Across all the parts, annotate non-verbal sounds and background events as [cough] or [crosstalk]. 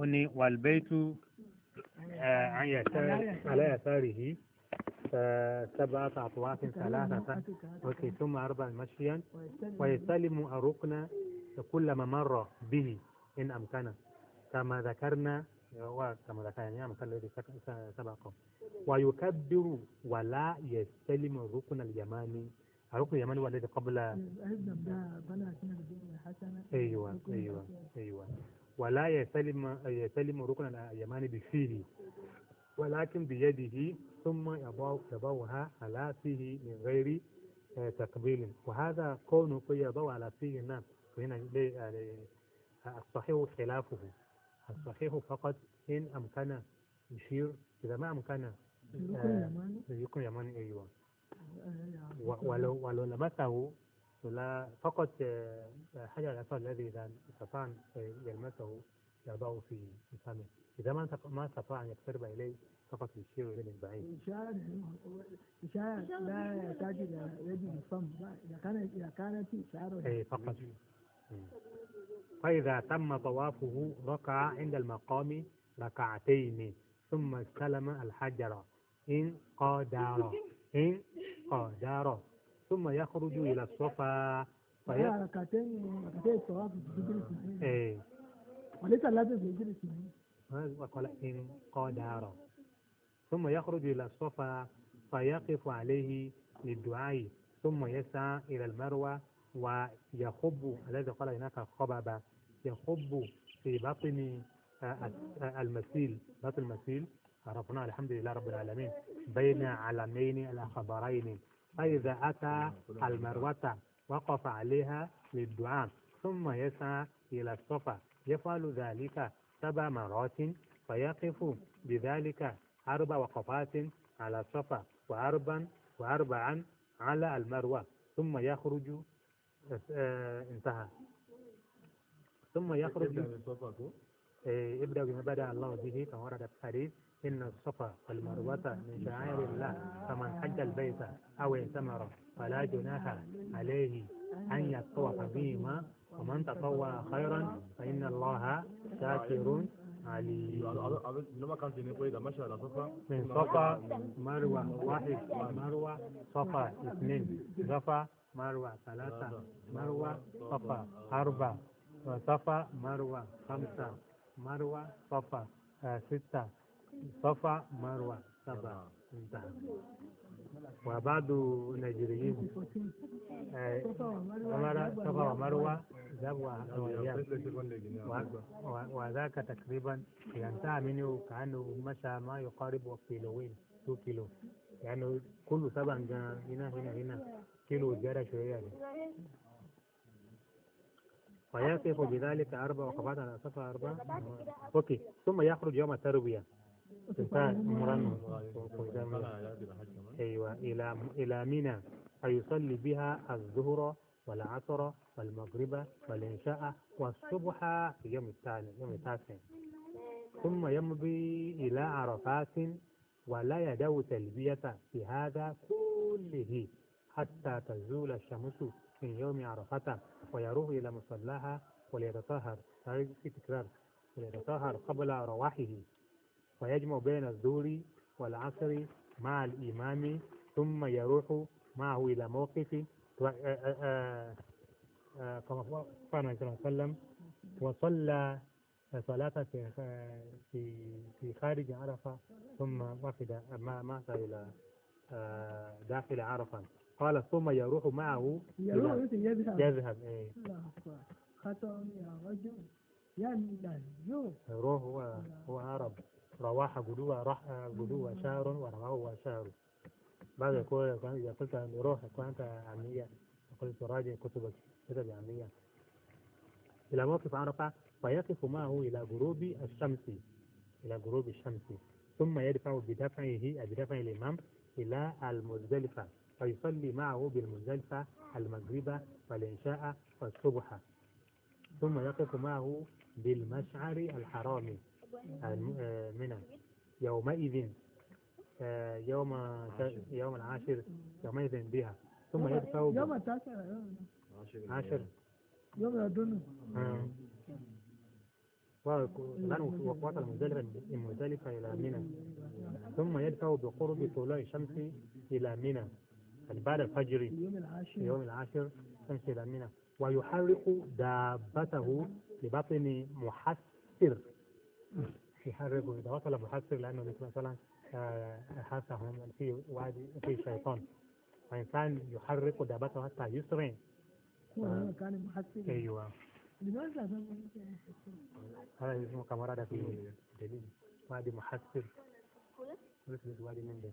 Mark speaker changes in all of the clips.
Speaker 1: ó والبيت على aláyàtàrìhì سبعة أطواف ثلاثة أوكي ثم أربع مشيا ويستلم الركن كل ما مر به إن أمكن كما ذكرنا وكما ذكرنا يعني الذي سبقه ويكبر ولا يستلم الركن اليماني الركن اليماني هو الذي قبل أيوة أيوة أيوة ولا يسلم يسلم ركن اليمان بفيه ولكن بيده ثم يضعها على فيه من غير آه، تقبيل وهذا كونه يضع على فيه الناس هنا يعني، آه، الصحيح خلافه الصحيح فقط إن أمكن يشير إذا ما أمكن يكون آه، يمان أيوه ولو ولو لمسه لا فقط آه، حجر الأسود الذي إذا استطاع أن يلمسه يضعه في فمه إذا ما ما استطاع أن يقترب إليه فقط يشير إليه بالبعيد. إشارة إشارة لا يحتاج إلى يد الفم إذا كانت إذا كانت إشارة أي فقط فإذا تم طوافه ركع عند المقام ركعتين ثم استلم الحجر إن قدر إن قدر ثم يخرج إلى الصفا في ركعتين ركعتين الصلاة في سجود الإسماعيلي إيه وليس اللازم في سجود الإسماعيلي وقال إن قدر ثم يخرج إلى الصفا فيقف عليه للدعاء ثم يسعى إلى المروة ويخب الذي قال هناك خبب يخب في بطن آه، آه، المسيل بطن المسيل عرفنا الحمد لله رب العالمين بين علمين الأخبارين فإذا أتى نعم، المروة وقف عليها للدعاء ثم يسعى إلى الصفا يفعل ذلك سبع مرات فيقف بذلك أربع وقفات على الصفا وأربعا وأربعا على المروة ثم يخرج آه، انتهى ثم يخرج ابدأ إيه، بما بدأ الله به كما ورد في الحديث إن الصفا والمروة من شعائر الله فمن حج البيت أو اعتمر فلا جناح عليه أن يطوف بهما ومن تطوع خيرا فإن الله شاكر عليم من صفا مروة واحد مروة صفا اثنين صفا مروة ثلاثة مروة صفا أربعة صفا مروة خمسة مروة صفا ستة صفا مروة صفا انتهى وبعض النيجيريين آه، صفا ومروة ذهب وذاك تقريبا ينتهى منه كأنه مشى ما يقارب كيلوين 2 كيلو يعني كل سبع هنا هنا هنا كيلو جرى شوية يعني. فيقف بذلك أربع وقفات على صفة أربع أوكي ثم يخرج يوم التروية سلطان عمران أيوة إلى إلى منى فيصلي بها الظهر والعصر والمغرب والعشاء والصبح في يوم الثالث يوم التاسع ثم يمضي إلى عرفات ولا يدعو تلبية في هذا كله حتى تزول الشمس من يوم عرفة ويروح إلى مصلاها وليتطهر في تكرار وليتطهر قبل رواحه فيجمع بين الظهر والعصر مع الإمام ثم يروح معه إلى موقف آه، آه، آه، كما قال صلى الله عليه وسلم وصلى صلاة في في خارج عرفة ثم وقد ما ما إلى داخل عرفة قال ثم يروح معه يروح يذهب يذهب إيه خطأ يا رجل يعني يروح هو هو عرب رواح قدوة رح قدوة شهر ورواه شهر بعد يقول نعم. إذا قلت روح كانت عمية قلت راجع كتبك كتب عمية إلى موقف عرفة فيقف معه إلى غروب الشمس إلى غروب الشمس ثم يدفع بدفعه بدفع الإمام إلى المزدلفة فيصلي معه بالمزدلفة المغرب والعشاء والصبح ثم يقف معه بالمشعر الحرامي آه، آه، منى يومئذ آه، يوم يوم العاشر يومئذ بها ثم يدفع يوم التاسع عاشر يوم الدنيا وكان وقوة المزدلفة إلى منى ثم يدفع بقرب طلوع الشمس إلى منى يعني بعد الفجر يوم العاشر يوم العاشر شمس إلى منى ويحرق دابته لبطن محسر يحرك ويتوكل محسب لأنه مثل مثلا آه، حاسهم في وادي في شيطان فإنسان يحرك دابته حتى يسرين آه. كان محسب أيوه هذا اسمه كما في دليل وادي محسر وادي من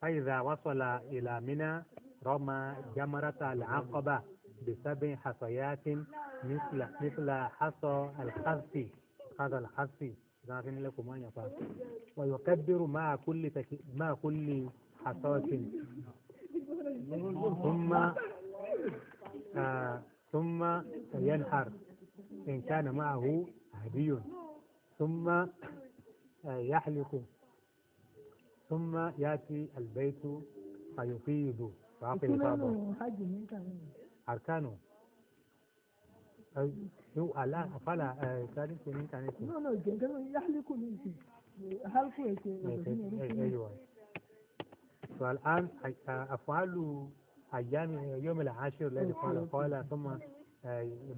Speaker 1: فإذا وصل إلى منى رمى جمرة العقبة بسبع حصيات مثل مثل حصى الخف هذا الحذف ذاكن لكم أن يفعل ويكبر مع كل مع كل حصاة ثم آه ثم ينحر إن كان معه هدي ثم آه يحلق ثم يأتي البيت فيفيض فعقل أركانه طيب. هو لا أفعل سالك من كان يسمى لا لا كانوا يحلقوا من حلقوا أيوه فالآن أفعال أيام يوم العاشر الذي قال قال ثم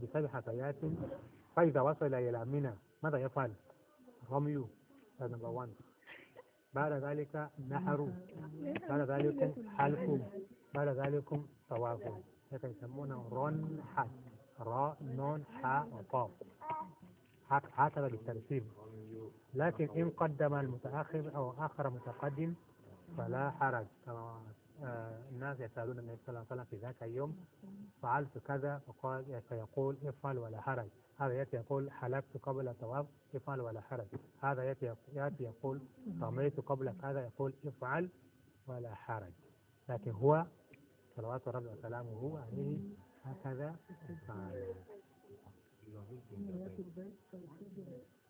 Speaker 1: بسبع حكايات فإذا وصل إلى منى ماذا يفعل؟ رمي هذا نمبر 1 بعد ذلك نحر بعد ذلك حلق بعد ذلك طواف هذا يسمونه رن حج را نون حاء وقاف حسب الترتيب لكن إن قدم المتأخر أو آخر متقدم فلا حرج آه، الناس يسألون النبي صلى الله عليه وسلم في ذاك اليوم فعلت كذا فقال فيقول افعل ولا حرج هذا يأتي يقول حلفت قبل الطواف افعل ولا حرج هذا يأتي يقول رميت قبل كذا يقول افعل ولا حرج لكن هو صلوات ربي وسلامه عليه هكذا قال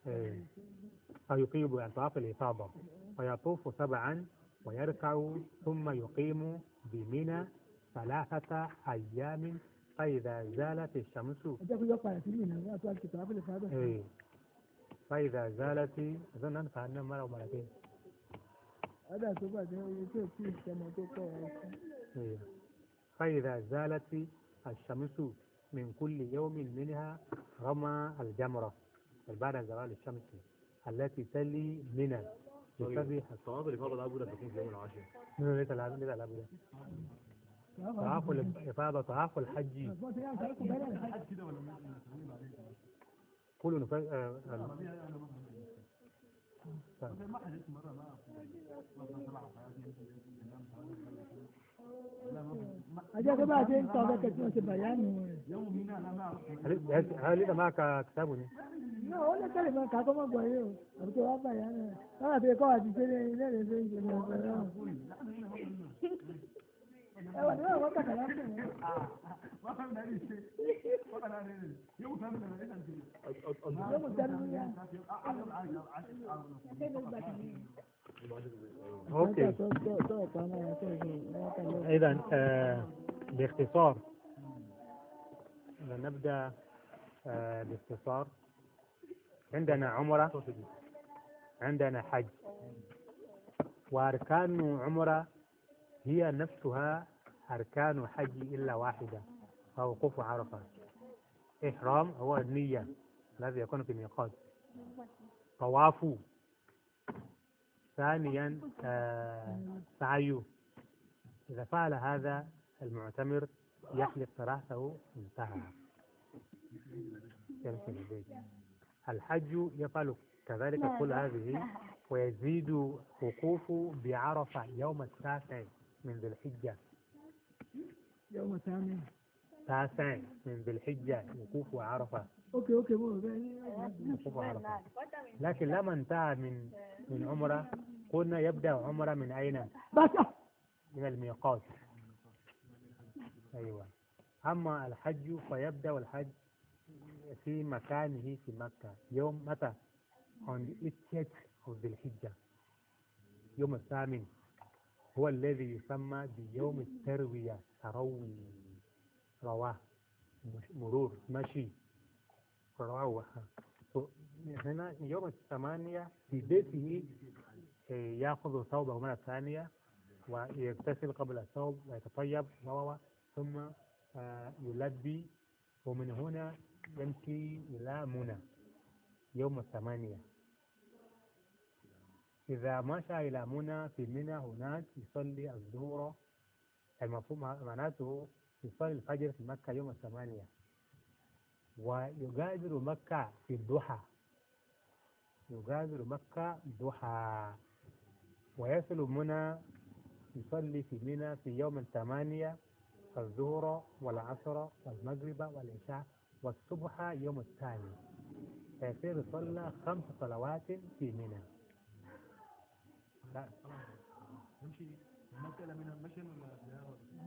Speaker 1: طيب. آه، فيقيم أطراف الإفاضة فيطوف سبعا ويركع ثم يقيم بمنى ثلاثة أيام فإذا زالت الشمس إيه. فإذا زالت أظن أن فهمنا مرة ومرتين إيه. فإذا زالت الشمس من كل يوم منها رمى الجمرة بعد زوال الشمس التي تلي منى طيب، يسبح الصواب اللي فرض أبو تكون في يوم العاشر منو نعم، ليس العاشر ليس العاشر لك طواف الإفاضة طواف الحج كل نفس آه، آه، آه. ما حدث مرة ما أجاك بقى زين طابك شو سبيان هل إذا معك كتابني؟ لا ولا كلمة كاتو ما قويه أبكي وابا يعني أنا في قوة تجيني لا لا لا ẹwà ni wọn wọta kàlá fún mi. wọn fẹẹ bẹ̀rẹ̀ ṣe wọn kàlá rẹ rẹ yóò mú fẹẹ bẹ̀rẹ̀ ẹsẹ ṣe. yóò mú sẹnu yá. ok. إذا آه باختصار نبدأ آه باختصار عندنا عمرة عندنا حج وأركان عمرة هي نفسها أركان حج إلا واحدة فوقوف عرفة إحرام هو النية الذي يكون في الميقات طواف ثانيا آه سعيه إذا فعل هذا المعتمر يحلق رأسه انتهى الحج يفعل كذلك كل هذه ويزيد وقوفه بعرفة يوم التاسع من ذي الحجة يوم الثامن تاسع من ذي الحجة وقوف عرفة اوكي اوكي وقوف عرفة لكن لما انتهى من من عمره قلنا يبدأ عمره من أين؟ بس من الميقات أيوة أما الحج فيبدأ الحج في مكانه في مكة يوم متى on the 8th of the الحجة يوم الثامن هو الذي يسمى بيوم التروية تروي رواه مرور مشي رواه هنا يوم الثمانية في بيته آه، يأخذ ثوبه مرة ثانية ويغتسل قبل الثوب ويتطيب وهو ثم آه، يلبي ومن هنا يمشي إلى منى يوم الثمانية إذا مشى إلى منى في منى هناك يصلي الظهر المفهوم معناته يصلي الفجر في مكة يوم الثمانية ويغادر مكة في الضحى يغادر مكة ضحى ويصل منى يصلي في منى في يوم الثمانية الظهر والعصر والمغرب والعشاء والصبح يوم الثاني فيصير صلى خمس صلوات في منى لا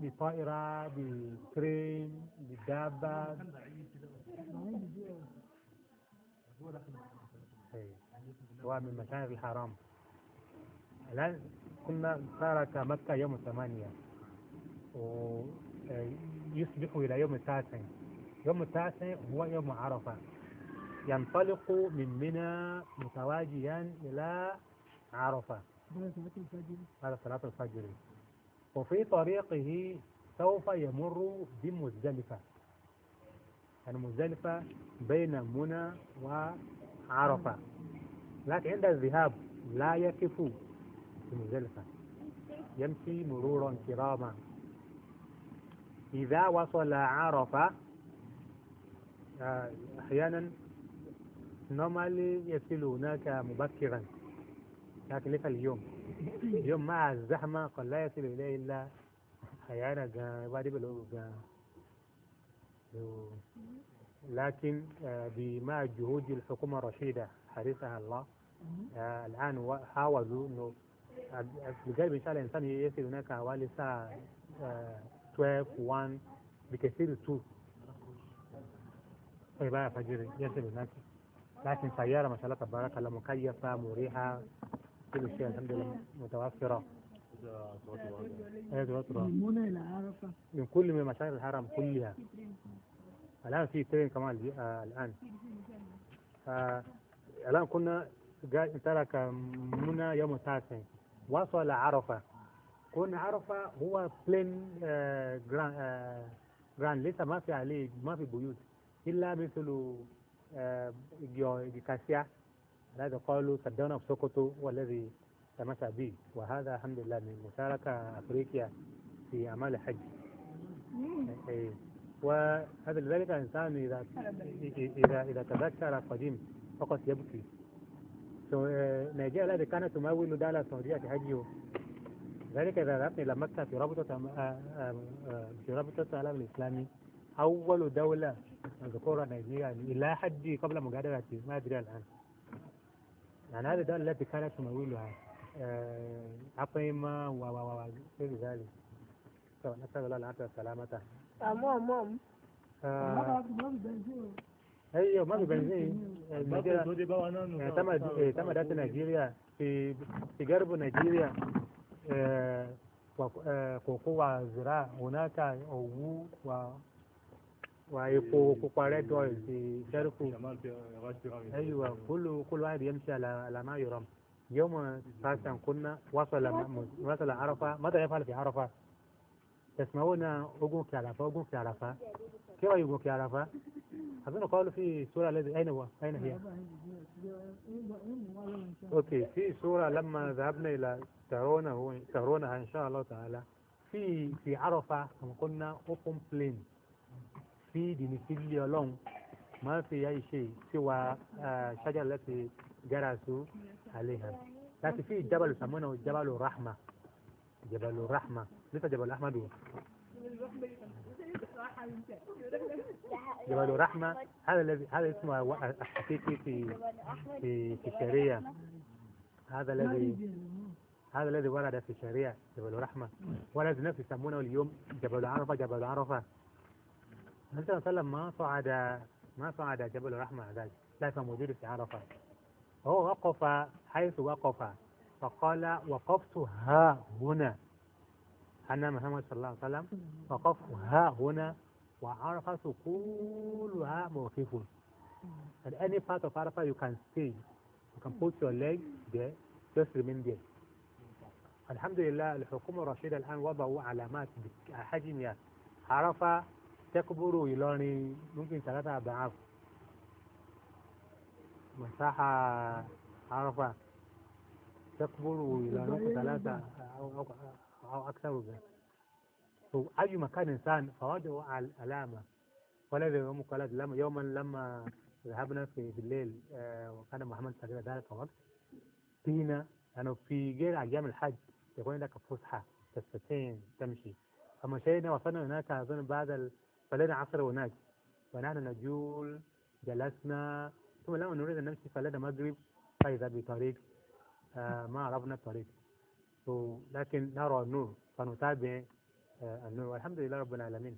Speaker 1: بطائرة بكريم بدابة إيه. هو من مشاعر الحرام الآن كنا تارك مكة يوم ثمانية ويصبح آه، إلى يوم التاسع يوم التاسع هو يوم عرفة ينطلق من منى متواجيا إلى عرفة هذا صلاة الفجر وفي طريقه سوف يمر بمزدلفة يعني مزدلفة بين منى وعرفة لكن عند الذهاب لا يكفو في مزلفة يمشي مرورا كراما إذا وصل عرفة آه، أحيانا نومالي يصل هناك مبكرا لكن ليس اليوم اليوم مع الزحمة قد لا يصل إليه إلا أحيانا بعد لكن آه، بما جهود الحكومة الرشيدة حريصها الله آه، الآن حاولوا أنه بجانب إن شاء الله الإنسان يصل هناك حوالي ساعة 12 1 بكثير 2 طيب بقى فجر يسير هناك لكن سيارة ما شاء الله تبارك الله مكيفة مريحة كل شيء الحمد لله متوفرة أيوة، منى إلى عرفة من كل من مشاعر الحرم كلها الآن في ترين كمان آه الآن آه الآن كنا ترك منى يوم التاسع وصل عرفة كون عرفة هو بلين جراند لسه ما في عليه ما في بيوت إلا مثل آه، كاسيا هذا قالوا صدقنا في سقطه والذي تمتع به وهذا الحمد لله من مشاركة أفريقيا في أعمال الحج إيه. وهذا لذلك الإنسان إذا إذا إذا تذكر قديم فقط يبكي اه، نيجيريا التي كانت تمول دولة السعودية تهجه ذلك إذا ذهبنا إلى مكة في رابطة اه، اه، في رابطة العالم الإسلامي أول دولة ذكورة نيجيريا إلى حد قبل مجادلة ما أدري الآن يعني هذه الدولة التي كانت تمولها عقيمة وغير ذلك نسأل الله العافية والسلامة مام مام ẹyẹ ọmọ àgbẹ̀ ní nàìjíríà tamada ti nàìjíríà fìgárìbù nàìjíríà kòkó wa zira onata òwú wa wa epo eh, pupa red eh, oil ti dẹ́rùkù ẹyẹ wa kúlù kúlù àìrí mc alama yọrọ yọmọ sàṣàn kúnná wàsàlà arafa mọ́tàlẹ́fà lè fi arafa. تسمعون أقوك عرفة أقوك عرفة كيف يقوك عرفة أظن قالوا في سورة الذي أين هو أين هي أوكي في سورة لما ذهبنا إلى ترونه ترونها إن شاء الله تعالى في في عرفة كما قلنا open plain في دينيسيليا لون ما في أي شيء سوى الشجرة التي جرسوا عليها لكن في جبل يسمونه جبل الرحمة جبل الرحمة لسه جبل احمد و جبل رحمة هذا الذي هذا اسمه الحقيقي في في في الشريعة هذا الذي هذا الذي ورد في الشريعة جبل رحمة ولد نفسه يسمونه اليوم جبل عرفة جبل عرفة النبي صلى الله عليه وسلم ما صعد ما صعد جبل رحمة ذلك ليس موجود في عرفة هو وقف حيث وقف فقال وقفت ها هنا أن محمد صلى الله عليه وسلم وقف ها هنا وعرف وعرفة ها موقف at any part of Arafah you can stay you can put your leg there just remain there الحمد لله الحكومة الرشيدة الآن وضعوا علامات حجم عرفة تكبر إلى ممكن ثلاثة أضعاف مساحة عرفة تكبر إلى ثلاثة أو أكثر منها فأي مكان إنسان فوجدوا الألامة ولذا يوم قالت لما يوما لما ذهبنا في بالليل آه، وكان محمد تقريبا ذلك الوقت فينا أنه يعني في غير أيام الحج يكون لك فسحة تستطيع تمشي فمشينا وصلنا هناك أظن بعد فلنا عصر هناك ونحن نجول جلسنا ثم لما نريد أن نمشي فلنا مغرب فإذا بطريق آه، ما عرفنا الطريق so لكن نرى النور فنتابع النور آه، والحمد لله رب العالمين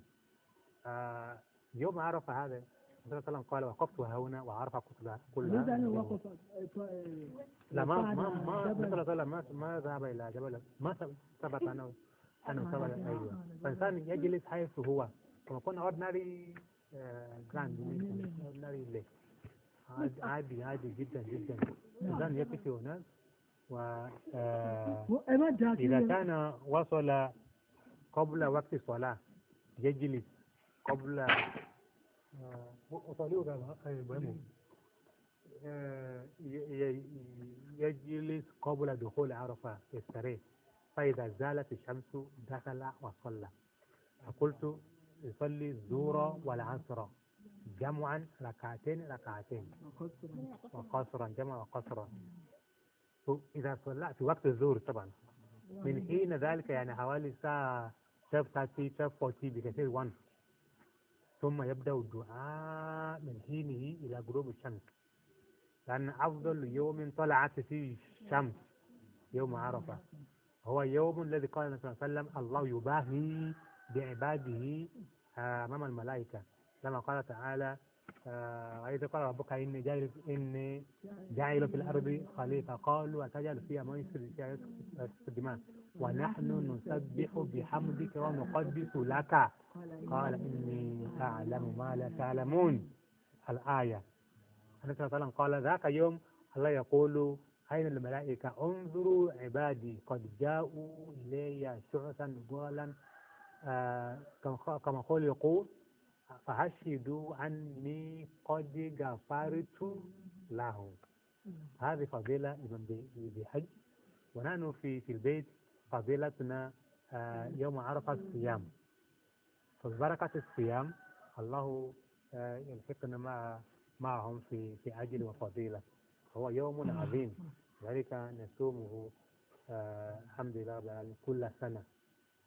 Speaker 1: آه، يوم عرف هذا صلى الله عليه وسلم قال وقفت هنا وعرف كل كل ماذا يعني وقف لا ما ما ما صلى الله عليه وسلم ما ذهب الى جبل ما ثبت انه انه ثبت ايوه آه، فالانسان يجلس حيث هو كما كنا اوردناري جراند اوردناري ليه عادي عادي جدا جدا الانسان يكفي هناك وإذا آه، كان وصل قبل وقت الصلاة يجلس قبل آه، آه، يجلس قبل دخول عرفة يستريح فإذا زالت الشمس دخل وصلى فقلت يصلي الظهر والعصر جمعا ركعتين ركعتين وقصرا جمعا وقصرا إذا صلى وقت الظهر طبعا من حين ذلك يعني حوالي الساعة 7:30 12:40 بكثير 1 ثم يبدأ الدعاء من حينه إلى غروب الشمس لأن أفضل يوم طلعت فيه الشمس يوم عرفة هو يوم الذي قال النبي صلى الله عليه وسلم الله يباهي بعباده أمام الملائكة كما قال تعالى آه، عايز قال ربك إني جاعل إني جاعل في الأرض خليفة قالوا أتجعل فيها من يسفك الدماء ونحن نسبح بحمدك ونقدس لك قال إني أعلم ما لا تعلمون الآية النبي صلى الله عليه وسلم قال ذاك يوم الله يقول أين الملائكة انظروا عبادي قد جاءوا إلي شعثا غالا آه، كما قول يقول فحسدوا أني قد غفرت له هذه فضيلة إذن بحج ونحن في في البيت فضيلتنا آه، يوم عرفة الصيام فبركة الصيام الله آه، يلحقنا مع معهم في في أجل وفضيلة هو يوم عظيم ذلك نصومه آه، الحمد لله كل سنة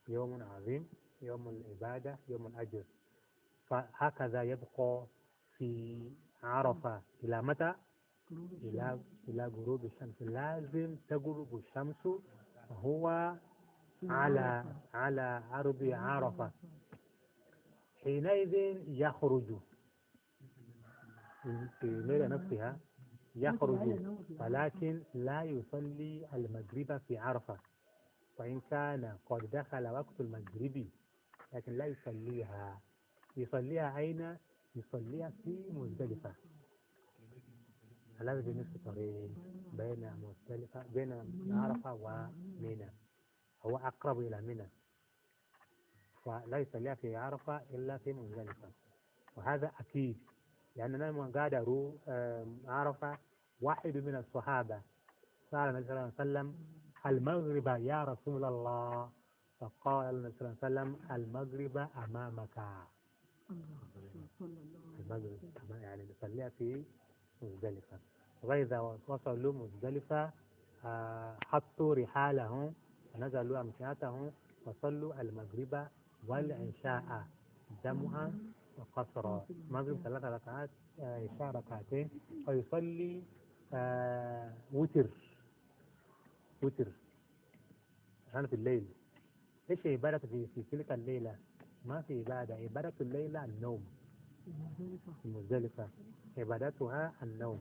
Speaker 1: يوم عظيم يوم العبادة يوم الأجر فهكذا يبقى في عرفة إلى متى؟ إلى إلى غروب الشمس لازم تغرب الشمس هو على على أرض عرفة حينئذ يخرج في الليلة نفسها يخرج ولكن لا يصلي المغرب في عرفة وإن كان قد دخل وقت المغرب لكن لا يصليها يصليها أين؟ يصليها في مزدلفة هذا نفس الطريق بين مزدلفة بين عرفة ومنى هو أقرب إلى منى فلا يصليها في عرفة إلا في مزدلفة وهذا أكيد لأننا من قادروا عرفة واحد من الصحابة قال النبي صلى الله عليه وسلم المغرب يا رسول الله فقال النبي صلى الله عليه وسلم المغرب أمامك يعني يصليها في مزدلفة وإذا وصلوا مزدلفة حطوا رحالهم ونزلوا أمتعتهم وصلوا المغرب والعشاء جمعا وقصرا مغرب ثلاث ركعات عشاء ركعتين ويصلي وتر وتر عشان في الليل ايش عبادته في تلك الليله ما في عبادة عبادة الليلة النوم المزدلفة عبادتها النوم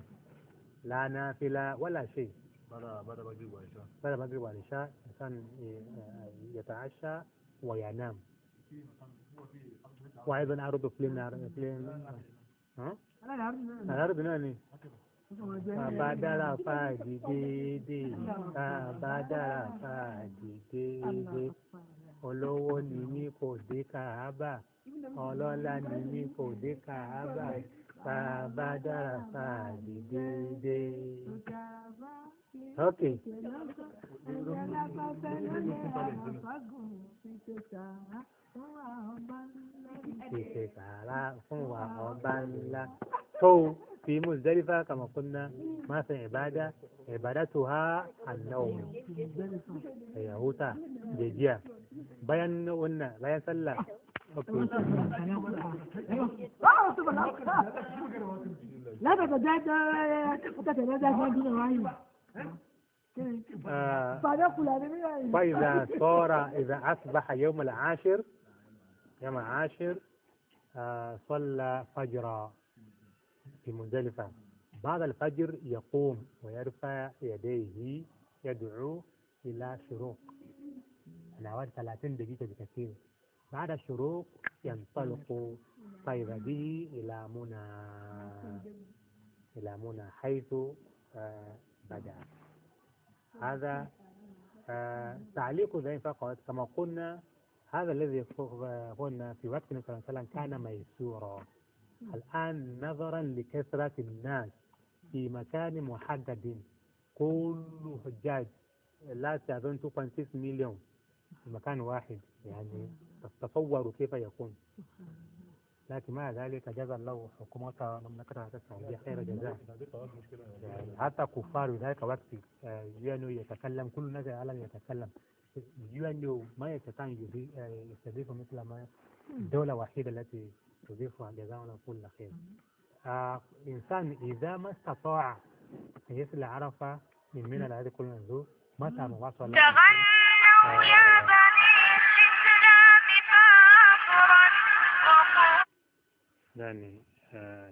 Speaker 1: لا نافلة ولا شيء بعد مغرب وعشاء بعد مغرب وعشاء الإنسان آه، آه، يتعشى وينام وأيضا أرض فيلم فيلم ها؟ الأرض ناني فبدل فاجديدي فبدل فاجديدي olówó ni mí kò kàábà ọlọ́lá ni mí kò dé kàábà tá a bá dára tá a lè dédé. ok. ìṣèkàrà fún wa ọba ńlá [laughs] tó. في مزدلفة كما قلنا ما في عبادة عبادتها النوم هي هوتا جيجيا بيان قلنا بيان سلا اوكي لا ده ده ده ده آه. فإذا صار إذا أصبح يوم العاشر يوم العاشر آه، صلى فجرا في مزدلفة بعد الفجر يقوم ويرفع يديه يدعو إلى شروق الأوقات 30 دقيقة بكثير بعد الشروق ينطلق طيب به إلى منى إلى منى حيث آه، بدأ هذا آه، تعليق زين فقط كما قلنا هذا الذي قلنا في وقتنا صلى الله عليه وسلم كان ميسورا الآن نظرا لكثرة الناس في مكان محدد كل حجاج لا تظن 2.6 مليون في مكان واحد يعني تتصوروا كيف يكون لكن مع ذلك جزا الله حكومة المملكة السعودية خير جزاء يعني حتى كفار ذلك وقت آه، يونيو يتكلم كل الناس العالم يتكلم يونيو ما يستطيع آه، يستضيف مثل ما الدولة الوحيدة التي تضيف جزاؤنا كل خير آه إنسان إذا ما استطاع كيف اللي من من العيد كل منذور متى ما صلى تغنوا يا آه. بني الإسلام فاخرا يعني آه.